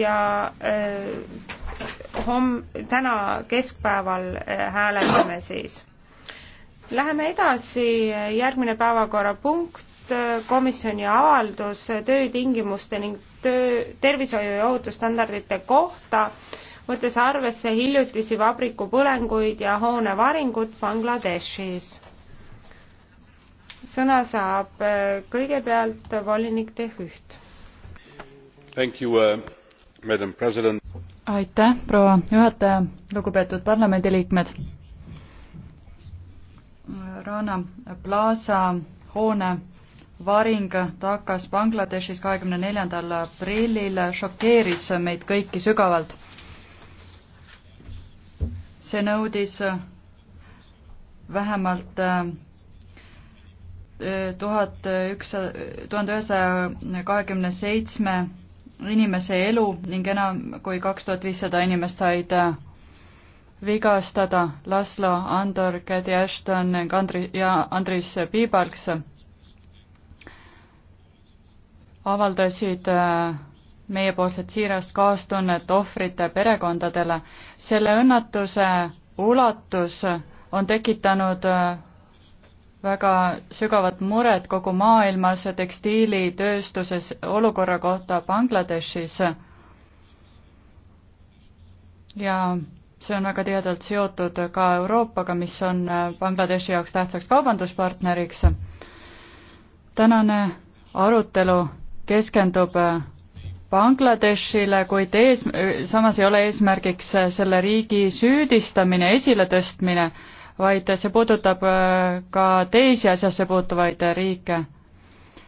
ja äh, homm-, täna keskpäeval äh, hääletame siis. Läheme edasi, äh, järgmine päevakorrapunkt, komisjoni avaldus töötingimuste ning töö, tervishoiu ja ohutusstandardite kohta, võttes arvesse hiljutisi vabrikupõlenguid ja hoonevaringut Bangladeshis. sõna saab kõigepealt volinik De Hüht. Thank you uh aitäh, proua juhataja, lugupeetud parlamendiliikmed. Rana Plaza hoone varing takas Bangladeshis kahekümne neljandal aprillil šokeeris meid kõiki sügavalt. see nõudis vähemalt eh, tuhat üks, tuhande ühesaja kahekümne seitsme inimese elu ning enam kui kaks tuhat viissada inimest said äh, vigastada. Laslo Andor, Kädi Ashton Andri- ja Andris Piibalks avaldasid äh, meiepoolset siirast kaastunnet ohvrite perekondadele. selle õnnetuse ulatus on tekitanud äh, väga sügavat muret kogu maailmas tekstiilitööstuses olukorra kohta Bangladeshis. ja see on väga tihedalt seotud ka Euroopaga, mis on Bangladeshi jaoks tähtsaks kaubanduspartneriks. tänane arutelu keskendub Bangladeshile, kuid ees, samas ei ole eesmärgiks selle riigi süüdistamine, esiletõstmine vaid see puudutab äh, ka teisi asjasse puutuvaid äh, riike.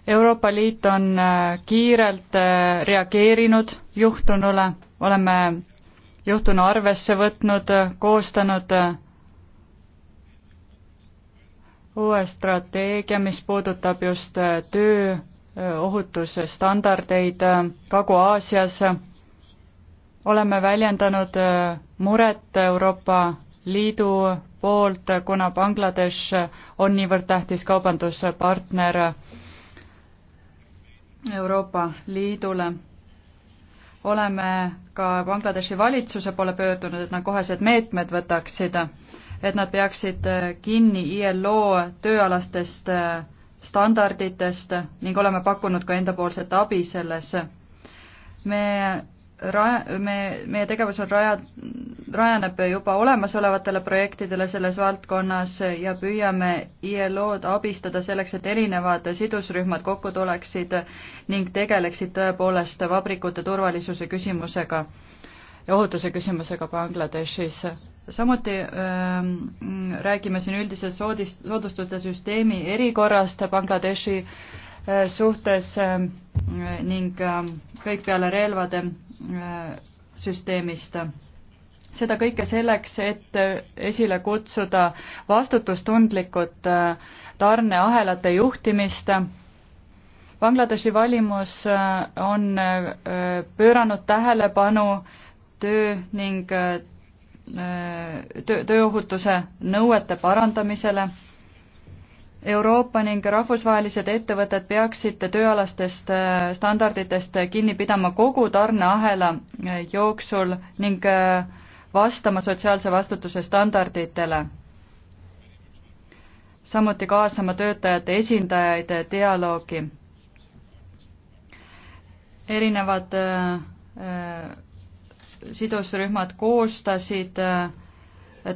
Euroopa Liit on äh, kiirelt reageerinud juhtunule, oleme juhtunu arvesse võtnud, koostanud uue strateegia, mis puudutab just tööohutusstandardeid Kagu-Aasias. oleme väljendanud muret Euroopa Liidu poolt, kuna Bangladesh on niivõrd tähtis kaubanduspartner Euroopa Liidule. oleme ka Bangladeshi valitsuse poole pöördunud, et nad kohesed meetmed võtaksid, et nad peaksid kinni ILO tööalastest standarditest ning oleme pakkunud ka endapoolset abi selles. me raja, me, meie tegevus on raja, rajaneb juba olemasolevatele projektidele selles valdkonnas ja püüame ILO-d abistada selleks, et erinevad sidusrühmad kokku tuleksid ning tegeleksid tõepoolest vabrikute turvalisuse küsimusega ja ohutuse küsimusega Bangladeshis. samuti ähm, räägime siin üldisest soodis-, soodustuste süsteemi erikorrast Bangladeshi äh, suhtes äh, ning äh, kõik peale relvade süsteemist. seda kõike selleks, et esile kutsuda vastutustundlikud äh, tarneahelate juhtimist. Bangladeshi valimus äh, on äh, pööranud tähelepanu töö ning töö, tööohutuse nõuete parandamisele Euroopa ning rahvusvahelised ettevõtted peaksid tööalastest äh, standarditest kinni pidama kogu tarneahela äh, jooksul ning äh, vastama sotsiaalse vastutuse standarditele. samuti kaasama töötajate esindajaid dialoogi. erinevad äh, sidusrühmad koostasid äh,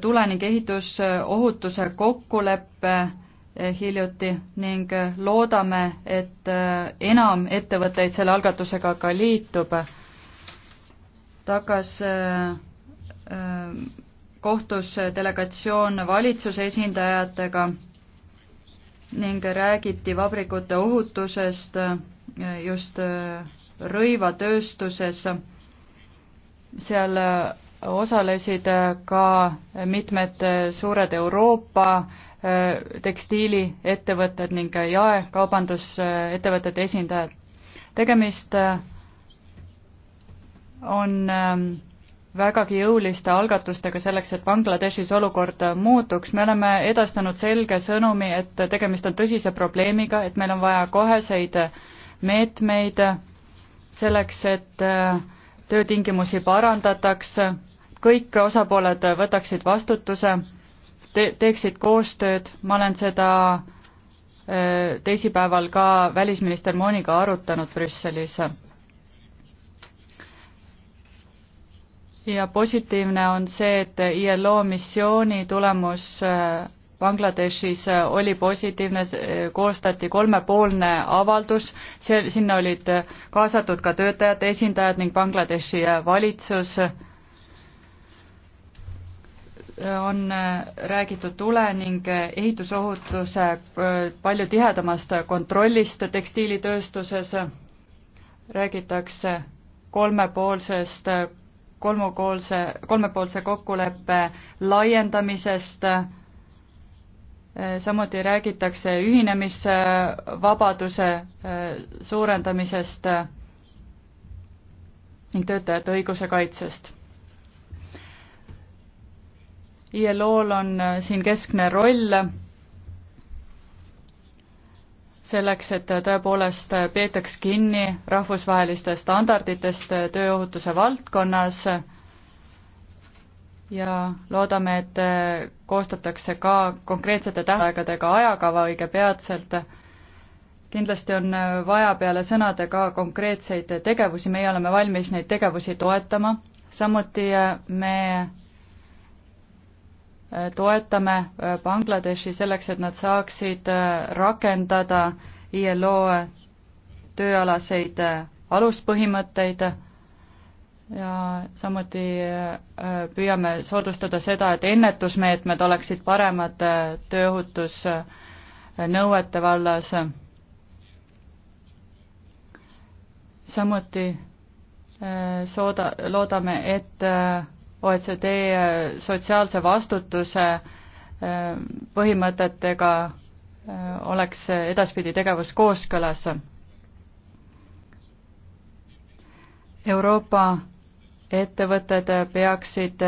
tule- ning ehitusohutuse kokkuleppe äh, Eh, hiljuti ning eh, loodame, et eh, enam ettevõtteid selle algatusega ka liitub. tagas kohtus delegatsioon valitsuse esindajatega ning räägiti vabrikute ohutusest just rõivatööstuses. seal osalesid ka mitmed suured Euroopa Äh, tekstiiliettevõtted ning äh, jaekaubandusettevõtete esindajad. tegemist äh, on ähm, vägagi jõuliste algatustega selleks, et Bangladeshis olukord muutuks. me oleme edastanud selge sõnumi, et tegemist on tõsise probleemiga, et meil on vaja koheseid meetmeid selleks, et töötingimusi parandataks, kõik osapooled võtaksid vastutuse te-, teeksid koostööd, ma olen seda teisipäeval ka välisminister Mooniga arutanud Brüsselis. ja positiivne on see, et ILO missiooni tulemus Bangladeshis oli positiivne, koostati kolmepoolne avaldus, see, sinna olid kaasatud ka töötajate esindajad ning Bangladeshi valitsus on äh, räägitud tule ning äh, ehitusohutuse äh, palju tihedamast kontrollist tekstiilitööstuses, räägitakse kolmepoolsest, kolmupoolse, kolmepoolse kokkuleppe laiendamisest, samuti räägitakse ühinemisvabaduse suurendamisest ning töötajate õiguse kaitsest ILO-l on äh, siin keskne roll selleks, et äh, tõepoolest äh, peetaks kinni rahvusvahelistest standarditest tööohutuse valdkonnas ja loodame, et koostatakse ka konkreetsete tähtaegadega ajakava õige peatselt. kindlasti on vaja peale sõnade ka konkreetseid tegevusi, meie oleme valmis neid tegevusi toetama, samuti me toetame äh, Bangladeshi selleks, et nad saaksid äh, rakendada ILO äh, tööalaseid aluspõhimõtteid ja samuti püüame soodustada seda, et ennetusmeetmed oleksid paremad tööohutusnõuete vallas. samuti sooda, loodame, et OECD äh, sotsiaalse vastutuse äh, põhimõtetega äh, oleks edaspidi tegevus kooskõlas. Euroopa ettevõtted peaksid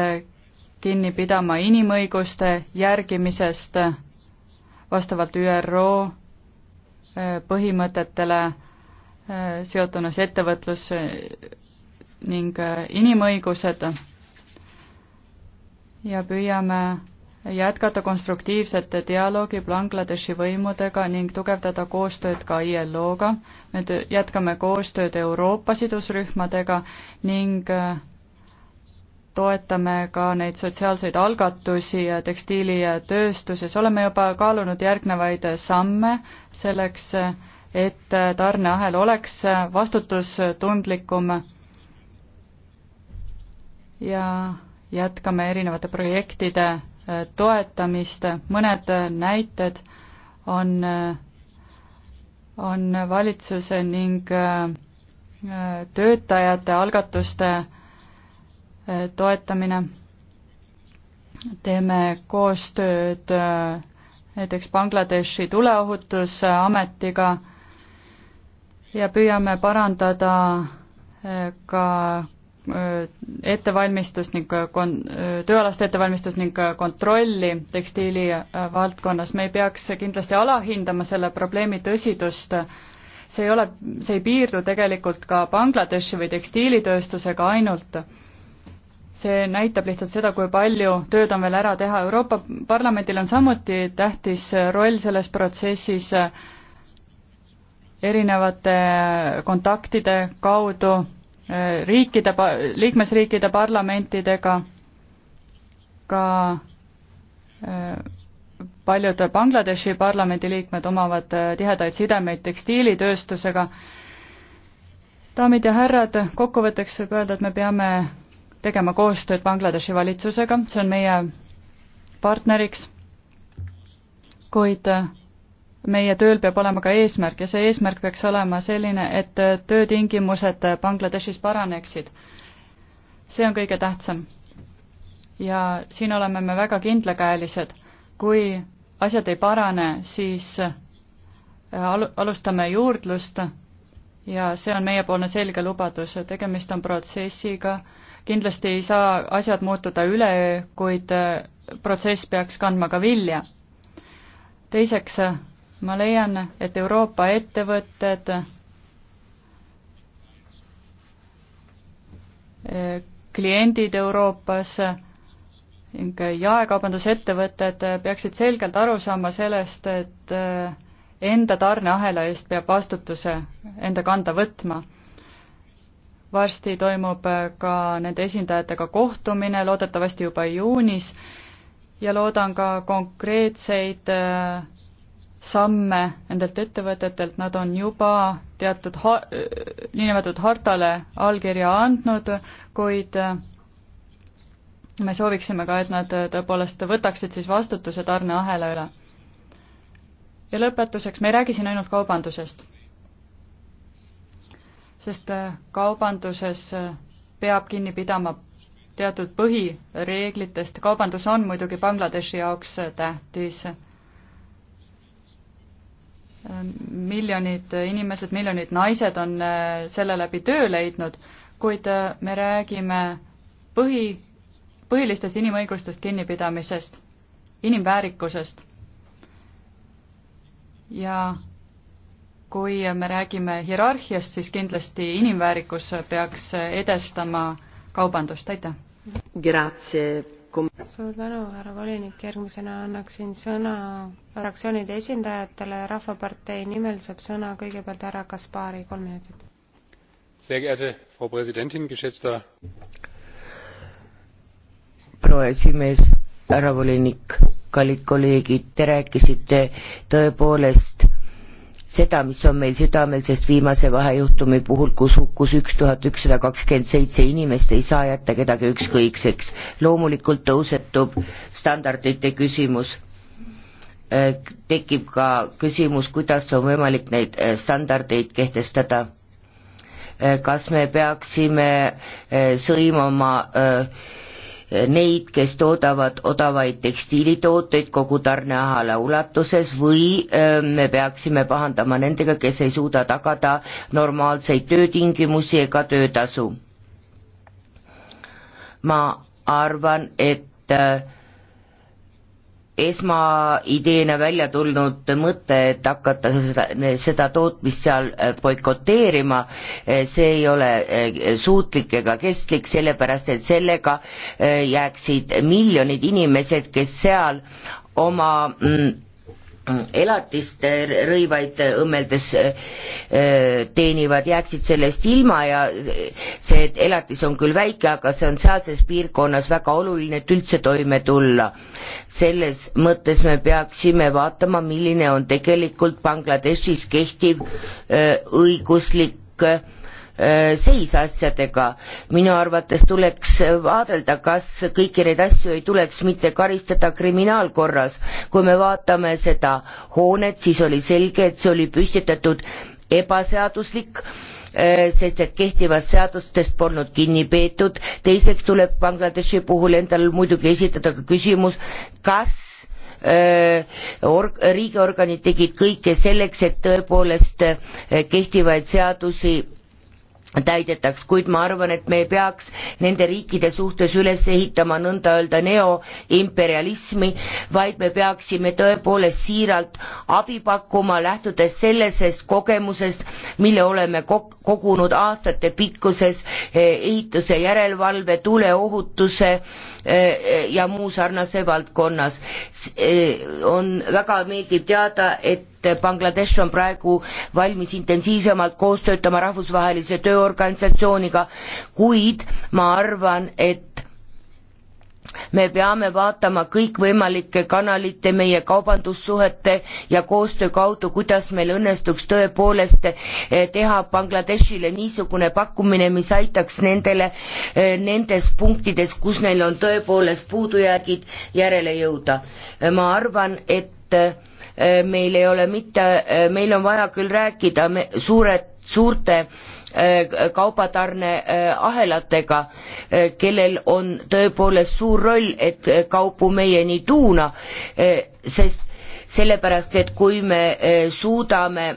kinni pidama inimõiguste järgimisest vastavalt ÜRO põhimõtetele seotunas ettevõtlus ning inimõigused ja püüame jätkata konstruktiivset dialoogi Bangladeshi võimudega ning tugevdada koostööd ka ILO-ga. me jätkame koostööd Euroopa sidusrühmadega ning äh, toetame ka neid sotsiaalseid algatusi tekstiilitööstuses. oleme juba kaalunud järgnevaid samme selleks, et tarneahel oleks vaastutustundlikum ja jätkame erinevate projektide äh, toetamist, mõned äh, näited on, äh, on valitsuse ning töötajate algatuste toetamine, teeme koostööd näiteks Bangladeshi tuleohutusametiga ja püüame parandada ka Äh, ettevalmistust ning äh, kon-, äh, tööalast ettevalmistust ning kontrolli tekstiili valdkonnas, me ei peaks kindlasti alahindama selle probleemi tõsidust, see ei ole, see ei piirdu tegelikult ka Bangladeshi või tekstiilitööstusega ainult. see näitab lihtsalt seda, kui palju tööd on veel ära teha, Euroopa Parlamendil on samuti tähtis roll selles protsessis erinevate kontaktide kaudu riikide, liikmesriikide parlamentidega, ka äh, paljud Bangladeshi parlamendi liikmed omavad äh, tihedaid sidemeid tekstiilitööstusega. daamid ja härrad, kokkuvõtteks võib öelda, et me peame tegema koostööd Bangladeshi valitsusega, see on meie partneriks, kuid äh, meie tööl peab olema ka eesmärk ja see eesmärk peaks olema selline, et töötingimused Bangladeshis paraneksid. see on kõige tähtsam. ja siin oleme me väga kindlakäelised. kui asjad ei parane, siis äh, alu-, alustame juurdlust ja see on meiepoolne selge lubadus, tegemist on protsessiga, kindlasti ei saa asjad muutuda üleöö, kuid äh, protsess peaks kandma ka vilja. teiseks äh, ma leian, et Euroopa ettevõtted eh, kliendid Euroopas ning jaekaubandusettevõtted peaksid selgelt aru saama sellest, et eh, enda tarneahela eest peab vastutuse enda kanda võtma. varsti toimub eh, ka nende esindajatega kohtumine, loodetavasti juba juunis, ja loodan ka konkreetseid samme nendelt ettevõtetelt, nad on juba teatud ha-, niinimetatud hartale allkirja andnud, kuid äh, me sooviksime ka, et nad äh, tõepoolest võtaksid siis vastutuse tarneahela üle. ja lõpetuseks, me ei räägi siin ainult kaubandusest. sest äh, kaubanduses peab kinni pidama teatud põhireeglitest, kaubandus on muidugi Bangladeshi jaoks tähtis miljonid inimesed, miljonid naised on äh, selle läbi töö leidnud, kuid äh, me räägime põhi, põhilistest inimõigustest kinnipidamisest, inimväärikusest. ja kui me räägime hierarhiast, siis kindlasti inimväärikus peaks edestama kaubandust, aitäh! Grazie suur tänu, härra volinik, järgmisena annaksin sõna fraktsioonide esindajatele, Rahvapartei nimel saab sõna kõigepealt härra Kaspari, kolm minutit. proua esimees, härra volinik, kallid kolleegid, te rääkisite tõepoolest seda, mis on meil südamel, sest viimase vahejuhtumi puhul, kus hukkus üks tuhat ükssada kakskümmend seitse inimest, ei saa jätta kedagi ükskõikseks. loomulikult tõusetub standardite küsimus äh, tekib ka küsimus, kuidas on võimalik neid äh, standardeid kehtestada. Äh, kas me peaksime sõimama neid, kes toodavad odavaid tekstiilitooteid kogu tarneahela ulatuses või ähm, me peaksime pahandama nendega, kes ei suuda tagada normaalseid töötingimusi ega töötasu. ma arvan, et äh, esmaideena välja tulnud mõte, et hakata seda, seda tootmist seal äh, boikoteerima, äh, see ei ole äh, suutlik ega kestlik, sellepärast et sellega jääksid miljonid inimesed, kes seal oma mm, elatist rõivaid õmmeldes äh, teenivad, jääksid sellest ilma ja äh, see elatis on küll väike, aga see on sealses piirkonnas väga oluline, et üldse toime tulla. selles mõttes me peaksime vaatama, milline on tegelikult Bangladeshis kehtiv äh, õiguslik Äh, seis asjadega. minu arvates tuleks vaadelda, kas kõiki neid asju ei tuleks mitte karistada kriminaalkorras. kui me vaatame seda hoonet, siis oli selge, et see oli püstitatud ebaseaduslik äh, sest et kehtivast seadustest polnud kinni peetud, teiseks tuleb Bangladeshi puhul endal muidugi esitada ka küsimus, kas äh, org-, riigiorganid tegid kõike selleks, et tõepoolest kehtivaid seadusi täidetaks, kuid ma arvan, et me ei peaks nende riikide suhtes üles ehitama nõnda öelda neoimperialismi, vaid me peaksime tõepoolest siiralt abi pakkuma, lähtudes sellisest kogemusest, mille oleme kogunud aastate pikkuses eh, ehituse järelevalve, tuleohutuse eh, ja muu sarnase valdkonnas. Eh, on väga meeldiv teada, et et Bangladesh on praegu valmis intensiivsemalt koos töötama rahvusvahelise tööorganisatsiooniga, kuid ma arvan, et me peame vaatama kõikvõimalike kanalite, meie kaubandussuhete ja koostöö kaudu, kuidas meil õnnestuks tõepoolest eh, teha Bangladeshile niisugune pakkumine, mis aitaks nendele eh, nendes punktides, kus neil on tõepoolest puudujäägid, järele jõuda. ma arvan, et eh, Eh, meil ei ole mitte, eh, meil on vaja küll rääkida suure, suurte eh, kaubatarneahelatega, kellel on tõepoolest suur roll, et kaupu meieni tuuna, sest sellepärast, et kui me suudame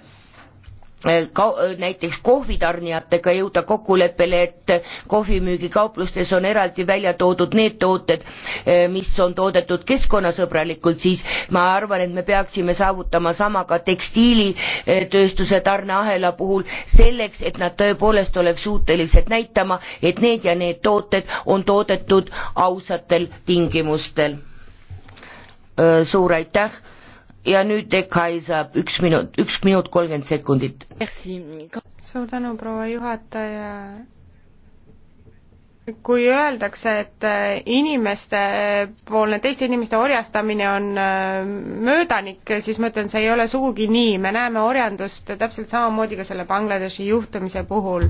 Äh, ka-, äh, näiteks kohvitarnijatega jõuda kokkuleppele, et kohvimüügikauplustes on eraldi välja toodud need tooted, äh, mis on toodetud keskkonnasõbralikult, siis ma arvan, et me peaksime saavutama sama ka tekstiilitööstuse tarneahela puhul, selleks et nad tõepoolest oleks suutelised näitama, et need ja need tooted on toodetud ausatel tingimustel. suur aitäh! ja nüüd Dekai saab üks minut, üks minut kolmkümmend sekundit. suur tänu, proua juhataja. kui öeldakse, et äh, inimestepoolne, äh, teiste inimeste orjastamine on äh, möödanik, siis ma ütlen, see ei ole sugugi nii, me näeme orjandust täpselt samamoodi ka selle Bangladeshi juhtumise puhul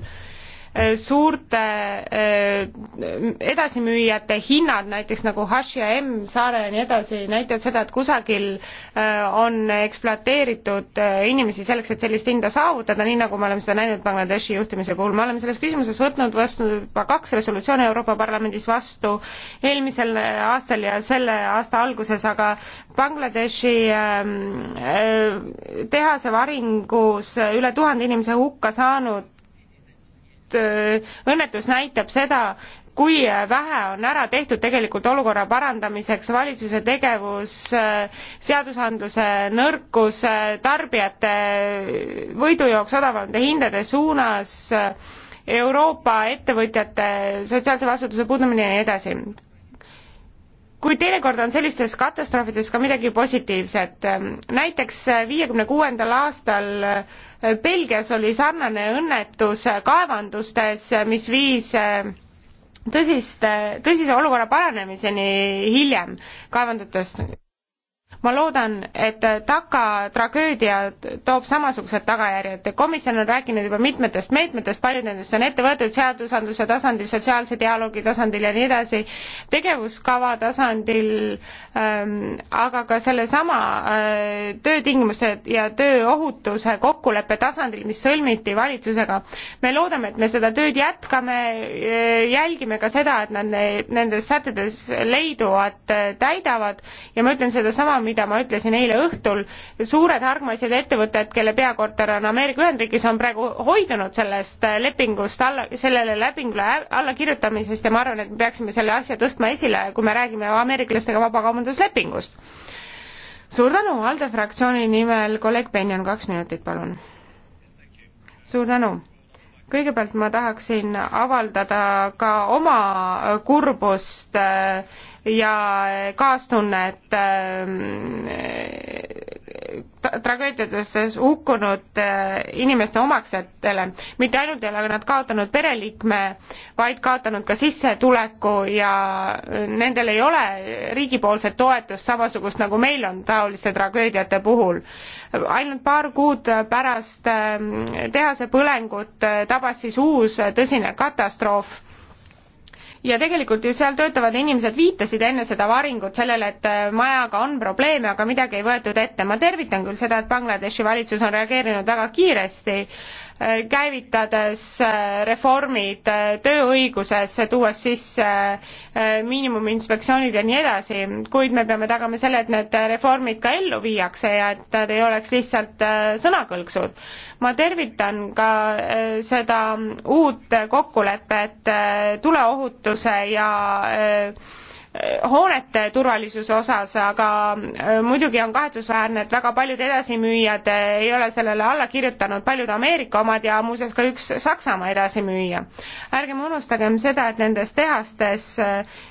Eh, suurte eh, edasimüüjate hinnad, näiteks nagu H ja M, Saare ja nii edasi, näitavad seda, et kusagil eh, on ekspluateeritud inimesi selleks, et sellist hinda saavutada, nii nagu me oleme seda näinud Bangladeshi juhtimise puhul. me oleme selles küsimuses võtnud vastu juba kaks resolutsiooni Euroopa Parlamendis vastu eelmisel aastal ja selle aasta alguses, aga Bangladeshi tehase varingus üle tuhande inimese hukka saanud Äh, õnnetus näitab seda, kui äh, vähe on ära tehtud tegelikult olukorra parandamiseks, valitsuse tegevus, äh, seadusandluse nõrkus, tarbijate võidujooks odavamate hindade suunas, Euroopa ettevõtjate sotsiaalse vastutuse puudumine ja nii edasi kuid teinekord on sellistes katastroofides ka midagi positiivset. Ehm, näiteks viiekümne kuuendal aastal ehm, Belgias oli sarnane õnnetus kaevandustes, mis viis ehm, tõsiste, tõsise olukorra paranemiseni hiljem kaevandates ma loodan, et Taka tragöödia toob samasugused tagajärjed. komisjon on rääkinud juba mitmetest meetmetest, paljud nendest on ette võetud seadusandluse tasandil, sotsiaalse dialoogi tasandil ja nii edasi, tegevuskava tasandil ähm,, aga ka sellesama äh, töötingimuste ja tööohutuse kokkuleppe tasandil, mis sõlmiti valitsusega. me loodame, et me seda tööd jätkame, äh, jälgime ka seda, et nad nendes sätetes leiduvat äh, täidavad ja ma ütlen sedasama, mida ma ütlesin eile õhtul, suured hargmaised ettevõtted, kelle peakorter on Ameerika Ühendriigis, on praegu hoidunud sellest lepingust alla, sellele lepingule allakirjutamisest ja ma arvan, et me peaksime selle asja tõstma esile, kui me räägime ameeriklastega vabakaubanduslepingust. suur tänu, ALDE fraktsiooni nimel kolleeg Benjon, kaks minutit, palun. suur tänu kõigepealt ma tahaksin avaldada ka oma kurbust äh, ja kaastunnet äh, äh, tragöödiatesse hukkunud äh, inimeste omaksetele. mitte ainult ei ole nad kaotanud pereliikme, vaid kaotanud ka sissetuleku ja nendel ei ole riigipoolset toetust, samasugust nagu meil on taoliste tragöödiate puhul. ainult paar kuud pärast tehase põlengut tabas siis uus tõsine katastroof ja tegelikult ju seal töötavad inimesed viitasid enne seda varingut sellele, et äh, majaga on probleeme, aga midagi ei võetud ette. ma tervitan küll seda, et Bangladeshi valitsus on reageerinud väga kiiresti käivitades äh, reformid äh, tööõiguses, tuues sisse äh, miinimuminspektsioonid ja nii edasi, kuid me peame tagama selle, et need reformid ka ellu viiakse ja et nad ei oleks lihtsalt sõnakõlksud. ma tervitan ka seda uut kokkulepet tuleohutuse ja hoonete turvalisuse osas, aga äh, muidugi on kahetsusväärne, et väga paljud edasimüüjad äh, ei ole sellele alla kirjutanud, paljud Ameerika omad ja muuseas ka üks Saksamaa edasimüüja. ärgem unustagem seda, et nendes tehastes, äh,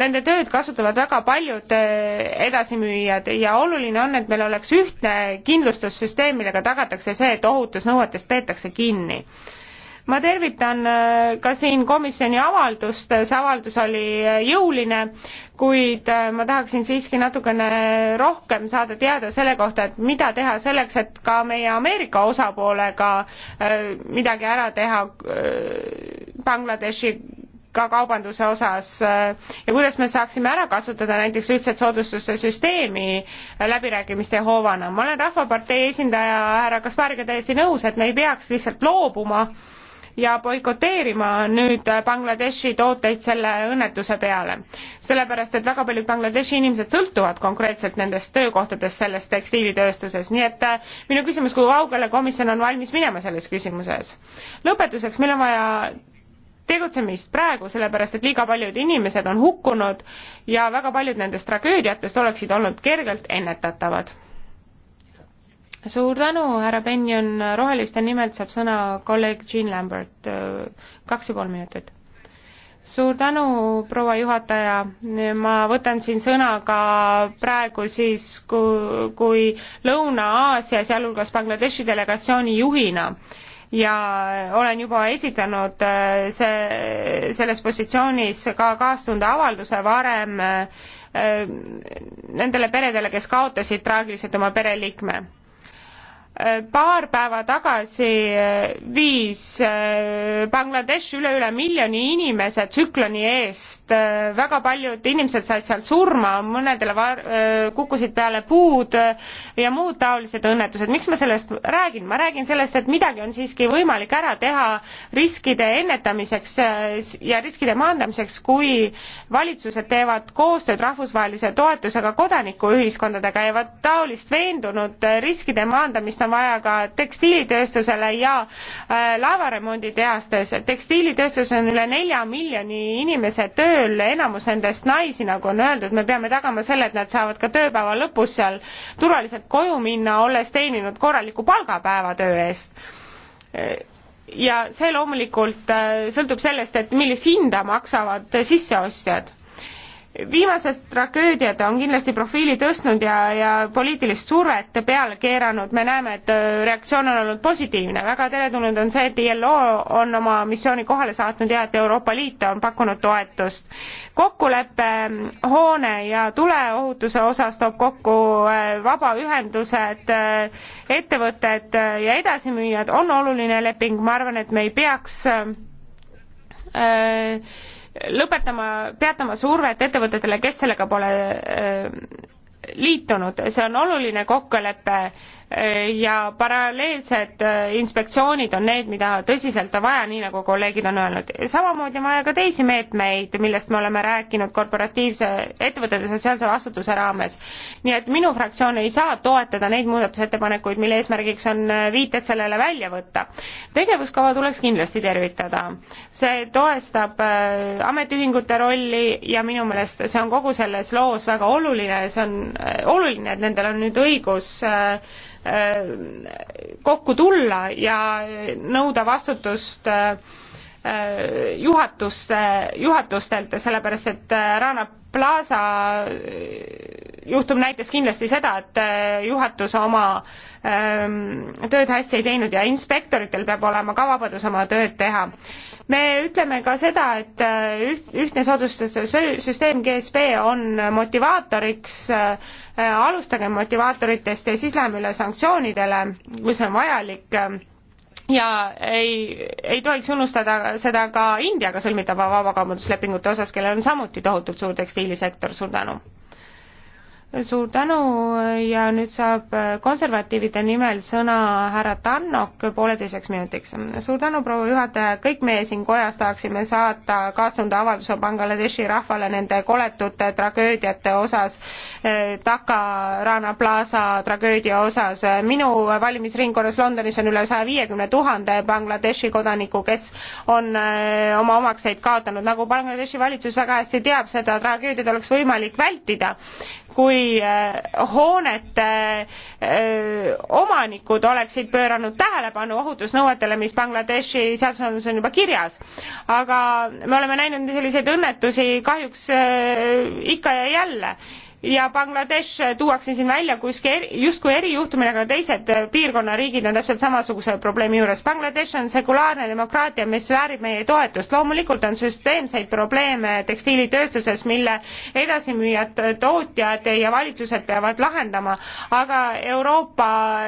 nende tööd kasutavad väga paljud edasimüüjad ja oluline on, et meil oleks ühtne kindlustussüsteem, millega tagatakse see, et ohutusnõuetest peetakse kinni ma tervitan äh, ka siin komisjoni avaldust, see avaldus oli äh, jõuline, kuid äh, ma tahaksin siiski natukene rohkem saada teada selle kohta, et mida teha selleks, et ka meie Ameerika osapoolega midagi ära teha Bangladeshi ka kaubanduse osas ja kuidas me saaksime ära kasutada näiteks ühtset soodustuste süsteemi läbirääkimiste hoovana. ma olen Rahvapartei esindaja härra Kaspariga täiesti nõus, et me ei peaks lihtsalt loobuma äh, ja boikoteerima nüüd Bangladeshi tooteid selle õnnetuse peale. sellepärast, et väga paljud Bangladeshi inimesed sõltuvad konkreetselt nendest töökohtadest selles tekstiilitööstuses, nii et äh, minu küsimus, kui kaugele komisjon on valmis minema selles küsimuses? lõpetuseks, meil on vaja tegutsemist praegu, sellepärast et liiga paljud inimesed on hukkunud ja väga paljud nendest tragöödiatest oleksid olnud kergelt ennetatavad suur tänu, härra Benjon, Roheliste nimelt saab sõna kolleeg Jean Lambert, kaks ja pool minutit. suur tänu, proua juhataja, ma võtan siin sõna ka praegu siis, kui, kui Lõuna-Aasia, sealhulgas Bangladeshi delegatsiooni juhina ja olen juba esitanud äh, see, selles positsioonis ka kaastunde avalduse varem äh, nendele peredele, kes kaotasid traagiliselt oma pereliikme Äh, paar päeva tagasi äh, viis äh, Bangladesh üle üle miljoni inimese tsükloni eest, väga paljud inimesed said sealt surma, mõnedele var-, kukkusid peale puud ja muud taolised õnnetused, miks ma sellest räägin, ma räägin sellest, et midagi on siiski võimalik ära teha riskide ennetamiseks ja riskide maandamiseks, kui valitsused teevad koostööd rahvusvahelise toetusega kodanikuühiskondadega ja vot taolist veendunud riskide maandamist on on vaja ka tekstiilitööstusele ja äh, laevaremonditehastes. tekstiilitööstuses on üle nelja miljoni inimese tööl, enamus nendest naisi, nagu on öeldud, me peame tagama selle, et nad saavad ka tööpäeva lõpus seal turvaliselt koju minna, olles teeninud korraliku palga päevatöö eest ja see loomulikult äh, sõltub sellest, et millist hinda maksavad sisseostjad viimased tragöödiad on kindlasti profiili tõstnud ja, ja poliitilist survet peale keeranud, me näeme, et äh, reaktsioon on olnud positiivne, väga teretulnud on see, et ILO on oma missiooni kohale saatnud ja et Euroopa Liit on pakkunud toetust. kokkulepe ähm, hoone ja tuleohutuse osas toob kokku äh, vabaühendused, äh, ettevõtted ja edasimüüjad, on oluline leping, ma arvan, et me ei peaks äh, lõpetama, peatama survet ettevõtetele, kes sellega pole äh, liitunud, see on oluline kokkulepe ja paralleelsed äh, inspektsioonid on need, mida tõsiselt on vaja, nii nagu kolleegid on öelnud. samamoodi on vaja ka teisi meetmeid, millest me oleme rääkinud korporatiivse, ettevõtete sotsiaalse vastutuse raames. nii et minu fraktsioon ei saa toetada neid muudatusettepanekuid, mille eesmärgiks on äh, viited sellele välja võtta. tegevuskava tuleks kindlasti tervitada. see toestab äh, ametiühingute rolli ja minu meelest see on kogu selles loos väga oluline, see on oluline, et nendel on nüüd õigus Äh, kokku tulla ja nõuda vastutust äh, juhatuste, juhatustelt, sellepärast et äh, Rana Plaza juhtum näitas kindlasti seda, et äh, juhatus oma ähm, tööd hästi ei teinud ja inspektoritel peab olema ka vabadus oma tööd teha. me ütleme ka seda, et äh, üht, ühtne soodustuste süsteem GSP on motivaatoriks, äh, alustage motivaatoritest ja siis läheme üle sanktsioonidele, kui see on vajalik ja ei, ei tohiks unustada seda ka Indiaga sõlmitava vabakaubanduslepingute osas, kellel on samuti tohutult suur tekstiilisektor, suur tänu! suur tänu ja nüüd saab konservatiivide nimel sõna härra Tannok pooleteiseks minutiks. suur tänu, proua juhataja, kõik meie siin kojas tahaksime saata kaastunde avalduse Bangladeshi rahvale nende koletute tragöödiate osas, Dhaka eh, Rana Plaza tragöödia osas. minu valimisringkonnas Londonis on üle saja viiekümne tuhande Bangladeshi kodaniku, kes on eh, oma omakseid kaotanud. nagu Bangladeshi valitsus väga hästi teab, seda tragöödiat oleks võimalik vältida kui äh, hoonete äh, omanikud oleksid pööranud tähelepanu ohutusnõuetele, mis Bangladeshi seadusandlus on juba kirjas. aga me oleme näinud selliseid õnnetusi kahjuks äh, ikka ja jälle ja Bangladesh tuuakse siin välja kuskil eri, justkui erijuhtumina, aga teised piirkonna riigid on täpselt samasuguse probleemi juures. Bangladesh on sekulaarne demokraatia, mis väärib meie toetust. loomulikult on süsteemseid probleeme tekstiilitööstuses, mille edasimüüjad, tootjad ja valitsused peavad lahendama, aga Euroopa äh,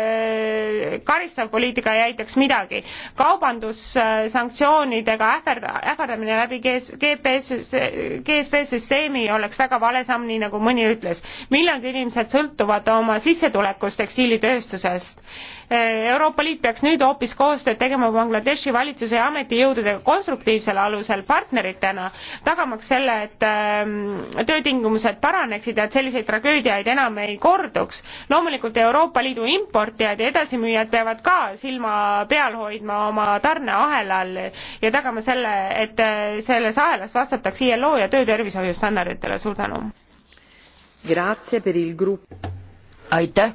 karistav poliitika ei aitaks midagi. kaubandussanktsioonidega ähverda, ähvardamine läbi GS, GPS, GSP süsteemi oleks väga vale samm, nii nagu mõni ütleb ütles. miljonid inimesed sõltuvad oma sissetulekust tekstiilitööstusest. Euroopa Liit peaks nüüd hoopis koostööd tegema Bangladeshi valitsuse ja ametijõududega konstruktiivsel alusel partneritena, tagamaks selle, et ähm, töötingimused paraneksid ja et selliseid tragöödiaid enam ei korduks. loomulikult Euroopa Liidu importijad ja edasimüüjad peavad ka silma peal hoidma oma tarneahelal ja tagama selle, et äh, selles ahelas vastataks ILO ja töötervishoiu standarditele. suur tänu! aitäh,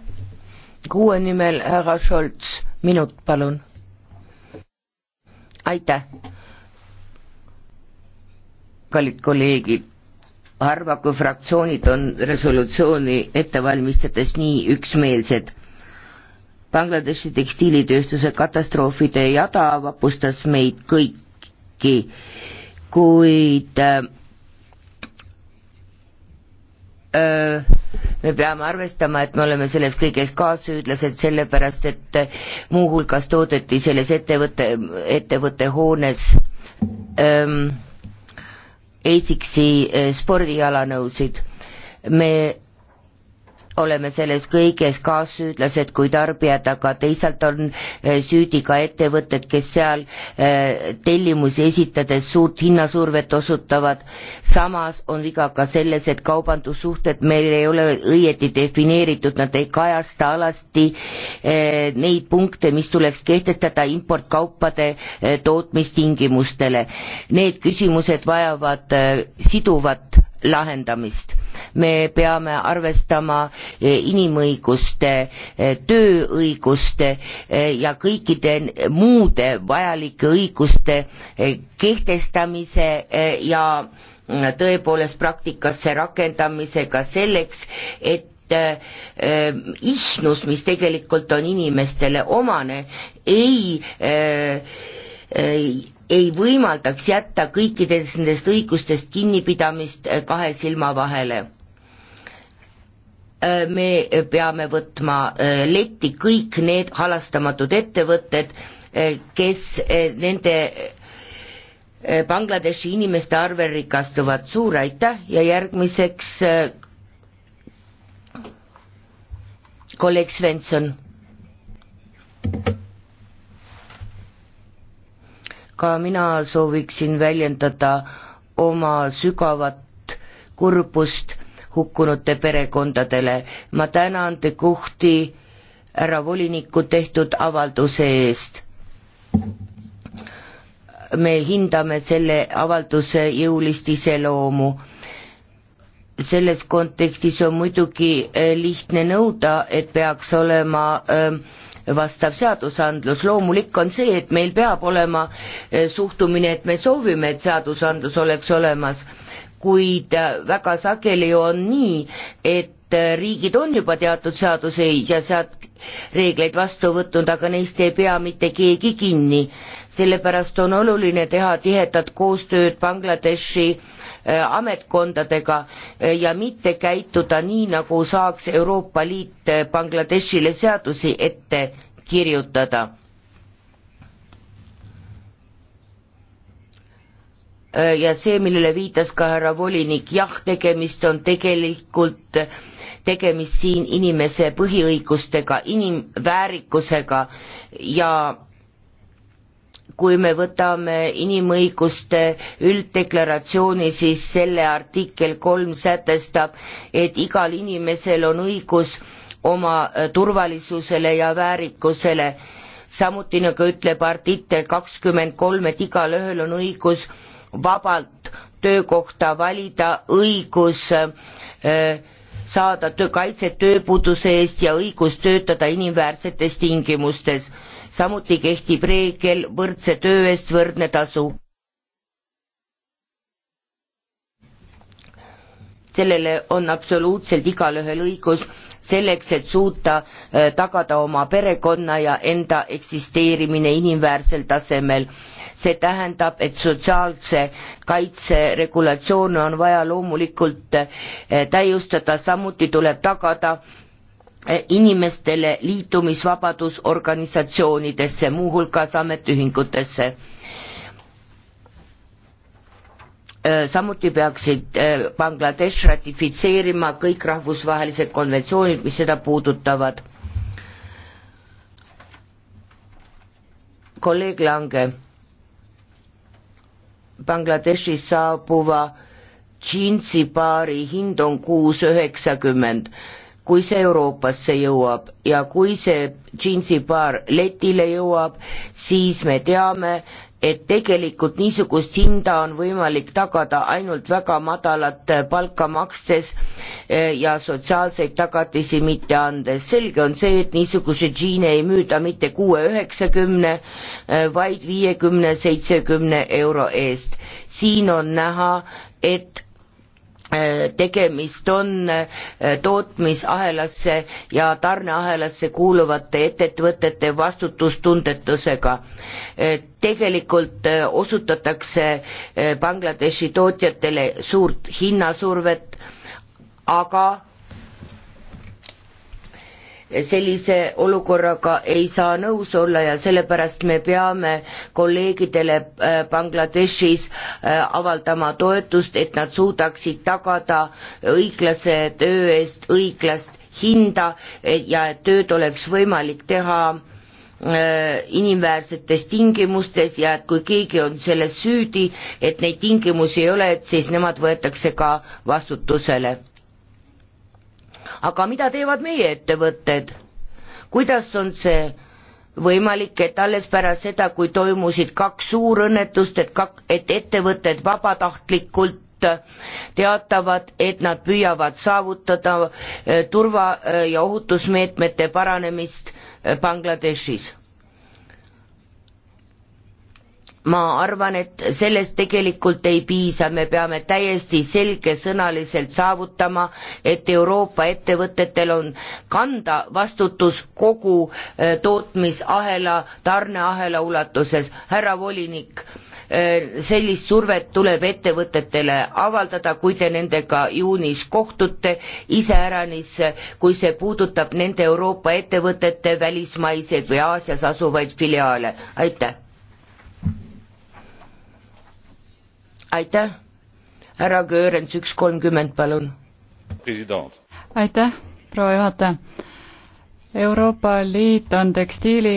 kuue nimel härra Scholz, minut palun. aitäh, kallid kolleegid harva kui fraktsioonid on resolutsiooni ette valmistades nii üksmeelsed. Bangladeshi tekstiilitööstuse katastroofide jada vapustas meid kõiki, kuid äh, me peame arvestama, et me oleme selles kõiges kaassüüdlased, sellepärast et äh, muuhulgas toodeti selles ettevõtte, ettevõtte hoones ähm, Eestiksi äh, spordialanõusid. me oleme selles kõiges kaassüüdlased kui tarbijad, aga teisalt on eh, süüdi ka ettevõtted, kes seal eh, tellimusi esitades suurt hinnasurvet osutavad. samas on viga ka selles, et kaubandussuhted meil ei ole õieti defineeritud, nad ei kajasta alati eh, neid punkte, mis tuleks kehtestada importkaupade tootmistingimustele. Need küsimused vajavad siduvat lahendamist. me peame arvestama eh, inimõiguste, eh, tööõiguste eh, ja kõikide muude vajalike õiguste kehtestamise ja mm, tõepoolest praktikasse rakendamisega selleks, et ihnus, mis tegelikult on inimestele omane, ei, ei ei võimaldaks jätta kõikidest nendest õigustest kinnipidamist äh, kahe silma vahele. Äh, me peame võtma äh, letti kõik need halastamatud ettevõtted, kes nende Bangladeshi inimeste arvel rikastuvad, suur aitäh ja järgmiseks kolleeg Svensson ka mina sooviksin väljendada oma sügavat kurbust hukkunute perekondadele. ma tänan De Guhti härra voliniku tehtud avalduse eest. me hindame selle avalduse jõulist iseloomu. selles kontekstis on muidugi eh, lihtne nõuda, et peaks olema öö, eh, vastav seadusandlus, loomulik on see, et meil peab olema eh, suhtumine, et me soovime, et seadusandlus oleks olemas, kuid eh, väga sageli on nii, et eh, riigid on juba teatud seaduseid ja sead-, reegleid vastu võtnud, aga neist ei pea mitte keegi kinni. sellepärast on oluline teha tihedat koostööd Bangladeshi äh, Äh, ametkondadega äh, ja mitte käituda nii, nagu saaks Euroopa Liit äh, Bangladeshile seadusi ette kirjutada. ja see, millele viitas ka härra volinik, jah, tegemist on tegelikult tegemist siin inimese põhiõigustega, inimväärikusega ja kui me võtame inimõiguste ülddeklaratsiooni, siis selle artikkel kolm sätestab, et igal inimesel on õigus oma äh, turvalisusele ja väärikusele. samuti nagu ütleb artikkel kakskümmend kolm, et igalühel on õigus vabalt töökohta valida, õigus öö, äh, saada töö, kaitset tööpuuduse eest ja õigust töötada inimväärsetes tingimustes. samuti kehtib reegel võrdse töö eest võrdne tasu. sellele on absoluutselt igalühel õigus selleks, et suuta äh, tagada oma perekonna ja enda eksisteerimine inimväärsel tasemel see tähendab, et sotsiaalse kaitse regulatsioone on vaja loomulikult eh, täiustada, samuti tuleb tagada eh, inimestele liitumisvabadus organisatsioonidesse, muuhulgas ametiühingutesse. Eh, samuti peaksid Bangladesh ratifitseerima kõik rahvusvahelised konventsioonid, mis seda puudutavad. kolleeg Lange Bangladeshis saabuva džiinsi paari hind on kuus üheksakümmend, kui see Euroopasse jõuab ja kui see džiinsipaar letile jõuab, siis me teame, et tegelikult niisugust hinda on võimalik tagada ainult väga madalat palka makstes eh, ja sotsiaalseid tagatisi mitte andes. selge on see, et niisuguseid džiine ei müüda mitte kuue üheksakümne, eh, vaid viiekümne, seitsmekümne euro eest. siin on näha, et Äh, tegemist on äh, tootmisahelasse ja tarneahelasse kuuluvate ettevõtete vastutustundetusega. Äh, tegelikult osutatakse Bangladeshi tootjatele suurt hinnasurvet, aga sellise olukorraga ei saa nõus olla ja sellepärast me peame kolleegidele äh, Bangladeshis äh, avaldama toetust, et nad suudaksid tagada õiglase töö eest õiglast hinda äh, ja et tööd oleks võimalik teha inimväärsetes tingimustes ja et kui keegi on selles süüdi, et neid tingimusi ei ole, et siis nemad võetakse ka vastutusele aga mida teevad meie ettevõtted? kuidas on see võimalik, et alles pärast seda, kui toimusid kaks suurõnnetust, et kak-, et ettevõtted vabatahtlikult teatavad, et nad püüavad saavutada eh, turva- eh, ja ohutusmeetmete paranemist eh, Bangladeshis ma arvan, et sellest tegelikult ei piisa, me peame täiesti selgesõnaliselt saavutama, et Euroopa ettevõtetel on kanda vastutus kogu äh, tootmisahela, tarneahela ulatuses. härra volinik, äh, sellist survet tuleb ettevõtetele avaldada, kui te nendega juunis kohtute, iseäranis, kui see puudutab nende Euroopa ettevõtete välismaiseid või Aasias asuvaid filiaale, aitäh! aitäh, härra Göörens, üks kolmkümmend, palun. aitäh, proua juhataja. Euroopa Liit on tekstiili,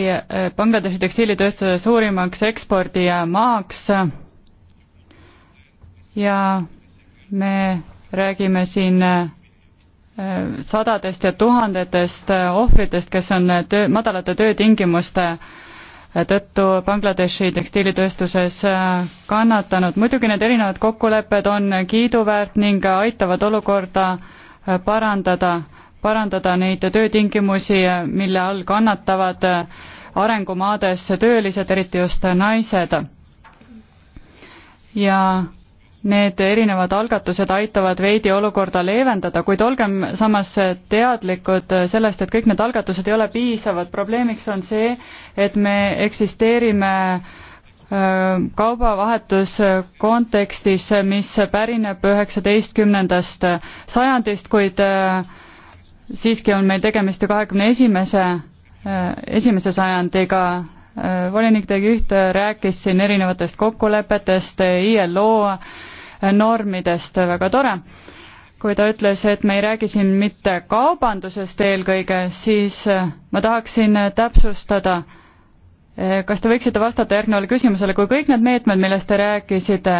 Bangladeshi tekstiilitööstuse suurimaks ekspordimaaks ja me räägime siin äh, sadadest ja tuhandetest ohvritest, kes on töö, madalate töötingimuste tõttu Bangladeshi tekstiilitööstuses äh, kannatanud. muidugi need erinevad kokkulepped on kiiduväärt ning aitavad olukorda äh, parandada, parandada neid töötingimusi, äh, mille all kannatavad arengumaades töölised, eriti just naised. ja need erinevad algatused aitavad veidi olukorda leevendada, kuid olgem samas teadlikud sellest, et kõik need algatused ei ole piisavad. probleemiks on see, et me eksisteerime kaubavahetus kontekstis, mis pärineb üheksateistkümnendast sajandist, kuid siiski on meil tegemist ju kahekümne esimese, esimese sajandiga volinik Degüht rääkis siin erinevatest kokkulepetest, ILO e normidest, väga tore. kui ta ütles, et me ei räägi siin mitte kaubandusest eelkõige, siis eh, ma tahaksin täpsustada, eh, kas te võiksite vastata järgnevale küsimusele, kui kõik need meetmed, millest te rääkisite,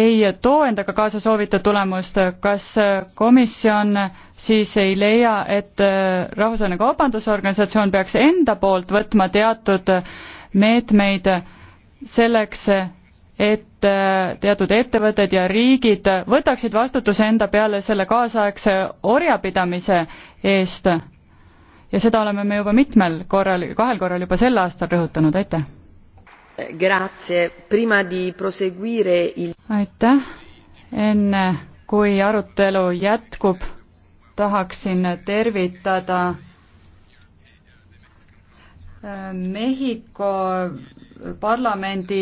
ei too endaga kaasa soovitud tulemust, kas komisjon siis ei leia, et eh, Rahvusvaheline Kaubandusorganisatsioon peaks enda poolt võtma teatud meetmeid selleks, et äh, teatud ettevõtted ja riigid võtaksid vastutuse enda peale selle kaasaegse orjapidamise eest. ja seda oleme me juba mitmel korral, kahel korral juba sel aastal rõhutanud, aitäh. Il... aitäh, enne kui arutelu jätkub, tahaksin tervitada äh, Mehhiko parlamendi